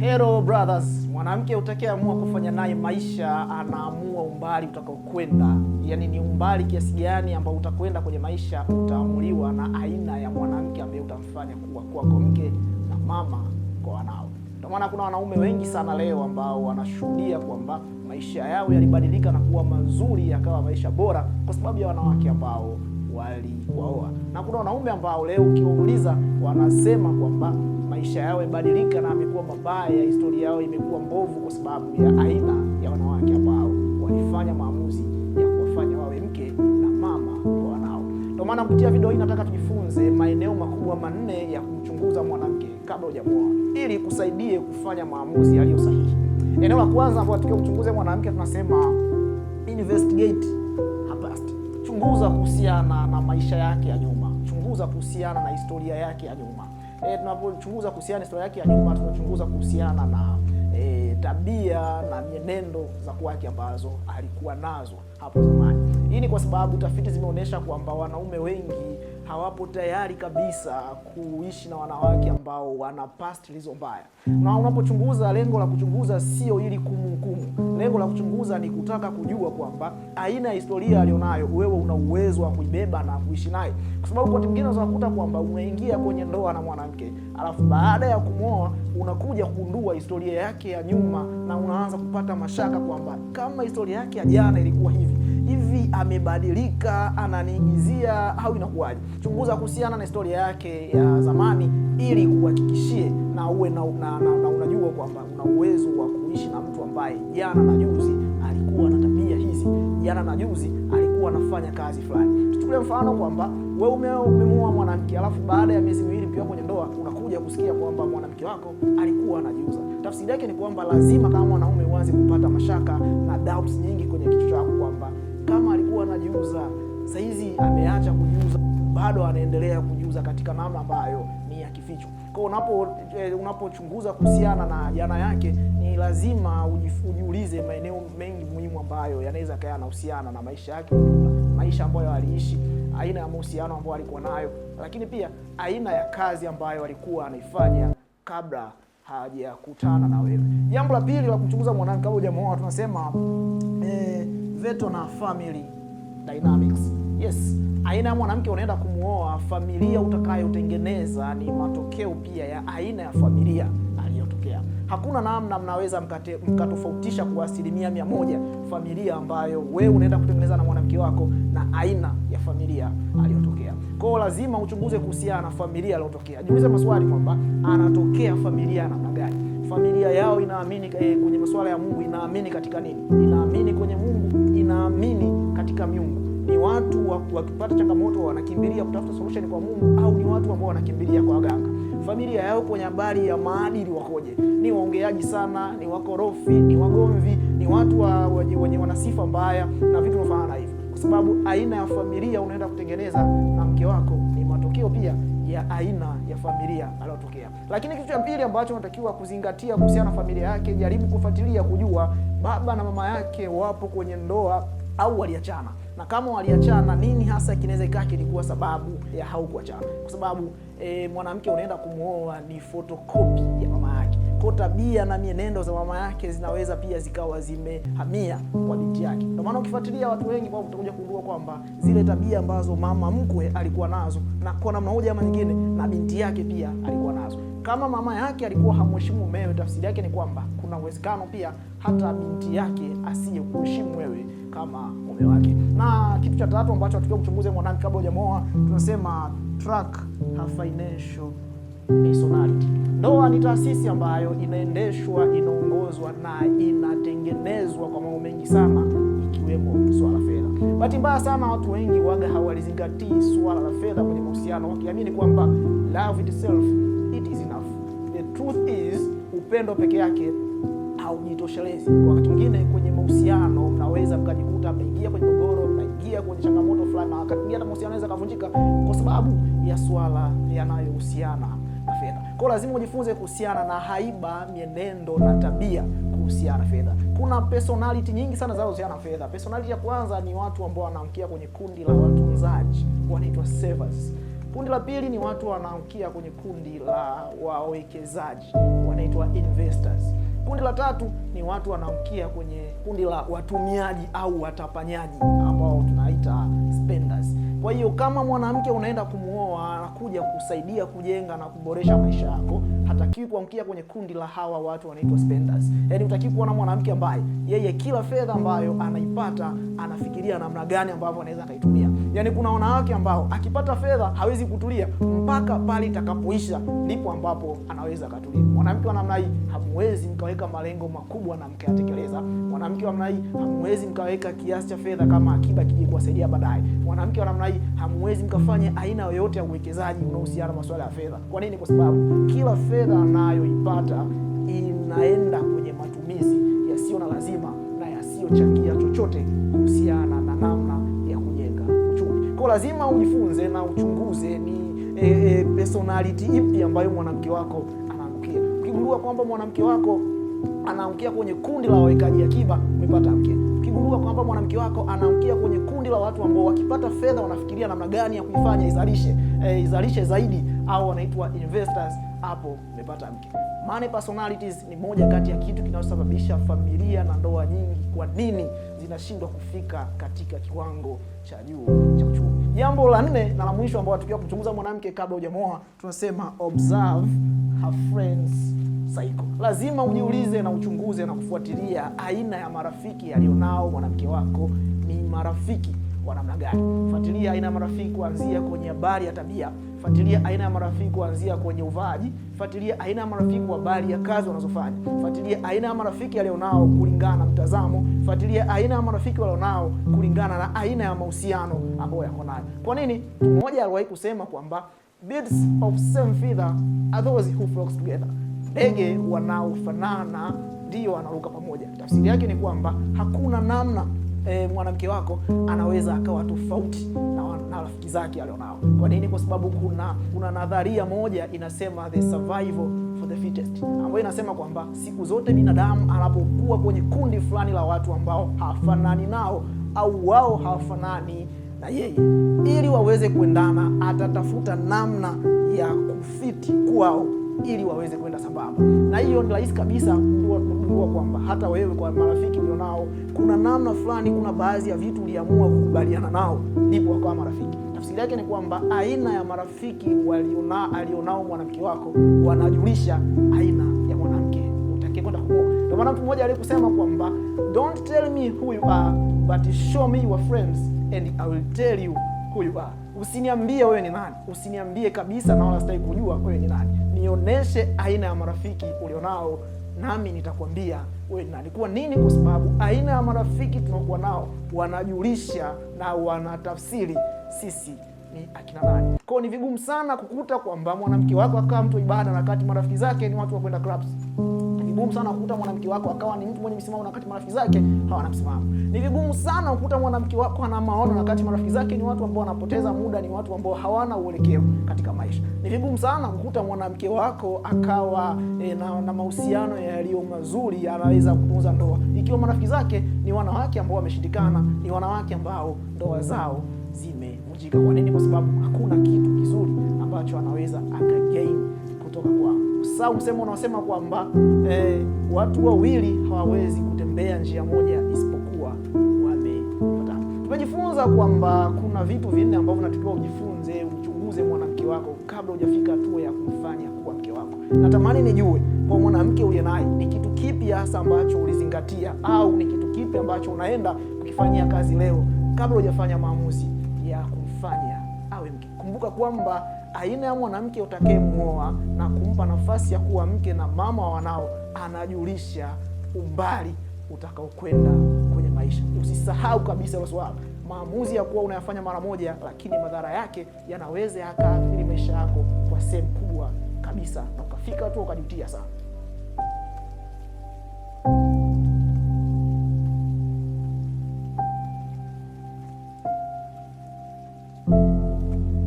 Hello brothers, mwanamke utakayeamua kufanya naye maisha anaamua umbali utakaokwenda, yaani ni umbali kiasi gani ambao utakwenda kwenye maisha utaamuliwa na aina ya mwanamke ambaye utamfanya kuwa kwako mke na mama kwa wanao. Ndio maana kuna wanaume wengi sana leo ambao wanashuhudia kwamba maisha yao yalibadilika na kuwa mazuri, yakawa maisha bora kwa sababu ya wanawake ambao waliwaoa, na kuna wanaume ambao leo ukiwauliza wanasema kwamba maisha yao yamebadilika na amekuwa mabaya, historia yao imekuwa mbovu kwa sababu ya aina ya wanawake ambao walifanya maamuzi ya kuwafanya wawe mke na mama kwa wanao. Ndio maana kupitia video hii nataka tujifunze maeneo makubwa manne ya kumchunguza mwanamke kabla hujamuoa ili kusaidie kufanya maamuzi yaliyo sahihi. Eneo la kwanza ambalo tukimchunguza mwanamke tunasema investigate her past. Chunguza kuhusiana na maisha yake ya nyuma, chunguza kuhusiana na historia yake ya nyuma e, tunapochunguza kuhusiana historia yake ya nyuma tunachunguza kuhusiana na e, tabia na mienendo za kwake ambazo alikuwa nazo hapo zamani. Hii ni kwa sababu tafiti zimeonyesha kwamba wanaume wengi hawapo tayari kabisa kuishi na wanawake ambao wana past zilizo mbaya. Na unapochunguza, lengo la kuchunguza sio ili kumhukumu, lengo la kuchunguza ni kutaka kujua kwamba aina ya historia alionayo, wewe una uwezo wa kuibeba na kuishi naye, kwa sababu wakati mwingine unakuta kwamba unaingia kwenye ndoa na mwanamke alafu baada ya kumwoa unakuja kundua historia yake ya nyuma, na unaanza kupata mashaka kwamba kama historia yake ya jana ilikuwa hivi amebadilika, ananiigizia au inakuwaje? Chunguza kuhusiana na historia yake ya zamani, ili uhakikishie na uwe na, na, na, na unajua kwamba una uwezo wa kuishi na mtu ambaye jana na juzi alikuwa na tabia hizi, jana na juzi alikuwa anafanya kazi fulani. Tuchukulie mfano kwamba we umemuoa mwanamke alafu baada ya miezi miwili mkiwa kwenye ndoa unakuja kusikia kwamba mwanamke wako alikuwa anajiuza. Tafsiri yake ni kwamba lazima kama mwanaume uanze kupata mashaka na doubts nyingi kwenye kichwa chako kwamba kama alikuwa anajiuza sasa hizi ameacha kujiuza, bado anaendelea kujiuza katika namna ambayo ni ya kificho. Kwa unapo eh, unapochunguza kuhusiana na jana yake, ni lazima ujiulize maeneo mengi muhimu ambayo yanaweza kawa yanahusiana na maisha yake, maisha ambayo aliishi, aina ya mahusiano ambayo alikuwa nayo, lakini pia aina ya kazi ambayo alikuwa anaifanya kabla hajakutana na wewe. Jambo la pili la kuchunguza mwanamke kabla hujamuoa tunasema eh, veto na family dynamics. Yes, aina ya mwanamke unaenda kumwoa, familia utakayotengeneza ni matokeo pia ya aina ya familia aliyotokea. Hakuna namna mnaweza mkatofautisha kwa asilimia mia moja familia ambayo wewe unaenda kutengeneza na mwanamke wako na aina ya familia aliyotokea. kwao lazima uchunguze kuhusiana na familia aliyotokea, jiulize maswali kwamba anatokea familia namna gani familia yao inaamini eh, kwenye masuala ya Mungu, inaamini katika nini? Inaamini kwenye Mungu, inaamini katika miungu. Ni watu wakipata changamoto wanakimbilia kutafuta solution kwa Mungu, au ni watu ambao wanakimbilia kwa waganga? Familia yao kwenye habari ya maadili wakoje? Ni waongeaji sana? Ni wakorofi? Ni wagomvi? Ni watu wa, wenye, wenye wanasifa mbaya na vitu vinafanana hivyo, kwa sababu aina ya familia unaenda kutengeneza na mke wako ni matokeo pia ya aina ya familia aliyotokea. Lakini kitu cha pili ambacho unatakiwa kuzingatia kuhusiana na familia yake, jaribu kufuatilia kujua baba na mama yake wapo kwenye ndoa au waliachana, na kama waliachana, nini hasa kinaweza ikawa kilikuwa sababu ya haukuachana, kwa sababu e, mwanamke unaenda kumwoa ni photocopy ya kwa tabia na mienendo za mama yake zinaweza pia zikawa zimehamia kwa binti yake. Ndio maana ukifuatilia watu wengi kwa utakuja kugundua kwamba zile tabia ambazo mama mkwe alikuwa nazo na kwa namna moja ama nyingine na binti yake pia alikuwa nazo. Kama mama yake alikuwa hamheshimu mumewe, tafsiri yake ni kwamba kuna uwezekano pia hata binti yake asiye kuheshimu wewe kama mume wake. Na kitu cha tatu ambacho tukio mchunguze mwanamke kabla hujamuoa tunasema track her financial ndoa ni taasisi ambayo inaendeshwa, inaongozwa na inatengenezwa kwa mambo mengi sana, ikiwemo swala la fedha. Bahati mbaya sana, watu wengi waga hawalizingatii swala la fedha kwenye mahusiano, wakiamini kwamba love itself it is enough. The truth is, upendo peke yake haujitoshelezi. Wakati mwingine kwenye mahusiano mnaweza mkajikuta mnaingia kwenye mgogoro, mnaingia kwenye changamoto fulani, na wakati mwingine hata mahusiano anaweza kavunjika kwa sababu ya swala yanayohusiana kwa lazima ujifunze kuhusiana na haiba, mienendo na tabia kuhusiana na fedha. Kuna personality nyingi sana zinazohusiana na fedha. Personality ya kwanza ni watu ambao wanaamkia kwenye kundi la watunzaji, wanaitwa savers. Kundi la pili ni watu wanaamkia kwenye kundi la wawekezaji, wanaitwa investors. Kundi la tatu ni watu wanaamkia kwenye kundi la watumiaji au watapanyaji ambao tunaita kwa hiyo kama mwanamke unaenda kumwoa, anakuja kusaidia kujenga na kuboresha maisha yako, hatakiwi kuamkia kwenye kundi la hawa watu wanaitwa spenders. Yaani utakiwi kuona mwanamke ambaye yeye kila fedha ambayo anaipata anafikiria namna gani ambavyo anaweza akaitumia. Yaani kuna wanawake ambao akipata fedha hawezi kutulia mpaka pale itakapoisha, ndipo ambapo anaweza akatulia. Mwanamke wa namna hii hamwezi mkaweka malengo makubwa na mkayatekeleza. Mwanamke wa namna hii hamwezi mkaweka kiasi cha fedha kama akiba kije kuwasaidia baadaye. Mwanamke wa namna hii hamwezi mkafanya aina yoyote ya uwekezaji unaohusiana na masuala ya fedha. Kwa nini? Kwa sababu kila fedha anayoipata inaenda kwenye matumizi yasiyo na lazima na yasiyochangia chochote kuhusiana na namna kwa lazima ujifunze na uchunguze ni e, e, personality ipi ambayo mwanamke wako anaangukia. Ukigundua kwamba mwanamke wako anaangukia kwenye kundi la wawekaji akiba, umepata mke. Ukigundua kwamba mwanamke wako anaangukia kwenye kundi la watu ambao wakipata fedha wanafikiria namna gani ya kuifanya izalishe e, izalishe zaidi au wanaitwa investors, hapo umepata mke. Maana personalities ni moja kati ya kitu kinachosababisha familia na ndoa nyingi. Kwa nini? zinashindwa kufika katika kiwango cha juu cha uchumi. Jambo la nne na la mwisho ambao tukiwa kumchunguza mwanamke kabla hujamoa, tunasema observe her friends cycle. Lazima ujiulize na uchunguze na kufuatilia aina ya marafiki alionao mwanamke wako, ni marafiki wa namna gani? Fuatilia aina ya marafiki kuanzia kwenye habari ya tabia Fuatilia aina ya marafiki kuanzia kwenye uvaaji, fuatilia aina ya marafiki wa bali ya kazi wanazofanya, fuatilia aina ya marafiki alionao kulingana na mtazamo, fuatilia aina ya marafiki walionao kulingana na aina ya mahusiano ambayo yako nayo. Kwa nini? Mmoja aliwahi kusema kwamba birds of same feather are those who flock together, ndege wanaofanana ndio wanaruka pamoja. Tafsiri yake ni kwamba hakuna namna e, mwanamke wako anaweza akawa tofauti na rafiki zake alionao. Kwa nini? Kwa sababu kuna kuna nadharia moja inasema the survival for the fittest, ambayo inasema kwamba siku zote binadamu anapokuwa kwenye kundi fulani la watu ambao hafanani nao au wao hawafanani na yeye, ili waweze kuendana, atatafuta namna ya kufiti kwao ili waweze kwenda sambamba. Na hiyo ni rahisi kabisa kugundua kwamba hata wewe kwa marafiki ulionao, kuna namna fulani, kuna baadhi ya vitu uliamua kukubaliana nao, ndipo wakawa marafiki. Tafsiri yake ni kwamba aina ya marafiki waliona, alionao mwanamke wako wanajulisha aina ya mwanamke utakekwenda kumwoa. Ndio maana mtu mmoja alikusema kwamba don't tell me who you are but show me your friends and I will tell you who you are. Usiniambie wewe ni nani, usiniambie kabisa, na wala sitaki kujua wewe ni nani nionyeshe aina ya marafiki ulionao, nami nitakwambia wewe nalikuwa nini, kwa sababu aina ya marafiki tunaokuwa nao wanajulisha na wanatafsiri sisi ni akina nani. Kwao ni vigumu sana kukuta kwamba mwanamke wako akawa mtu ibada na kati marafiki zake ni watu wa kwenda clubs vigumu sana kukuta mwanamke wako akawa ni mtu mwenye msimamo na wakati marafiki zake hawana msimamo. Ni vigumu sana kukuta mwanamke wako ana maono na wakati marafiki zake ni watu ambao wanapoteza muda, ni watu ambao hawana uelekeo katika maisha. Ni vigumu sana kukuta mwanamke wako akawa e, na, na mahusiano yaliyo mazuri, anaweza kutunza ndoa ikiwa marafiki zake ni wanawake ambao wameshindikana, ni wanawake ambao ndoa zao zimevunjika. Kwa nini? Kwa sababu hakuna kitu kizuri ambacho anaweza akagain kutoka kwao. Sasa msemo unasema kwamba eh, watu wawili hawawezi kutembea njia moja isipokuwa wamepatana. Tumejifunza kwamba kuna vitu vinne ambavyo unatakiwa ujifunze, uchunguze mwanamke wako kabla hujafika hatua ya kumfanya kuwa mke wako. Natamani nijue kwa mwanamke uliye naye ni kitu kipi hasa ambacho ulizingatia, au ni kitu kipi ambacho unaenda kukifanyia kazi leo kabla hujafanya maamuzi ya kumfanya awe mke. Kumbuka kwamba aina ya mwanamke utakayemwoa na kumpa nafasi ya kuwa mke na mama wanao, anajulisha umbali utakaokwenda kwenye maisha. Usisahau kabisa hilo swala. Maamuzi ya kuwa unayafanya mara moja, lakini madhara yake yanaweza yakaathiri maisha yako kwa sehemu kubwa kabisa, na ukafika tu ukajutia sana.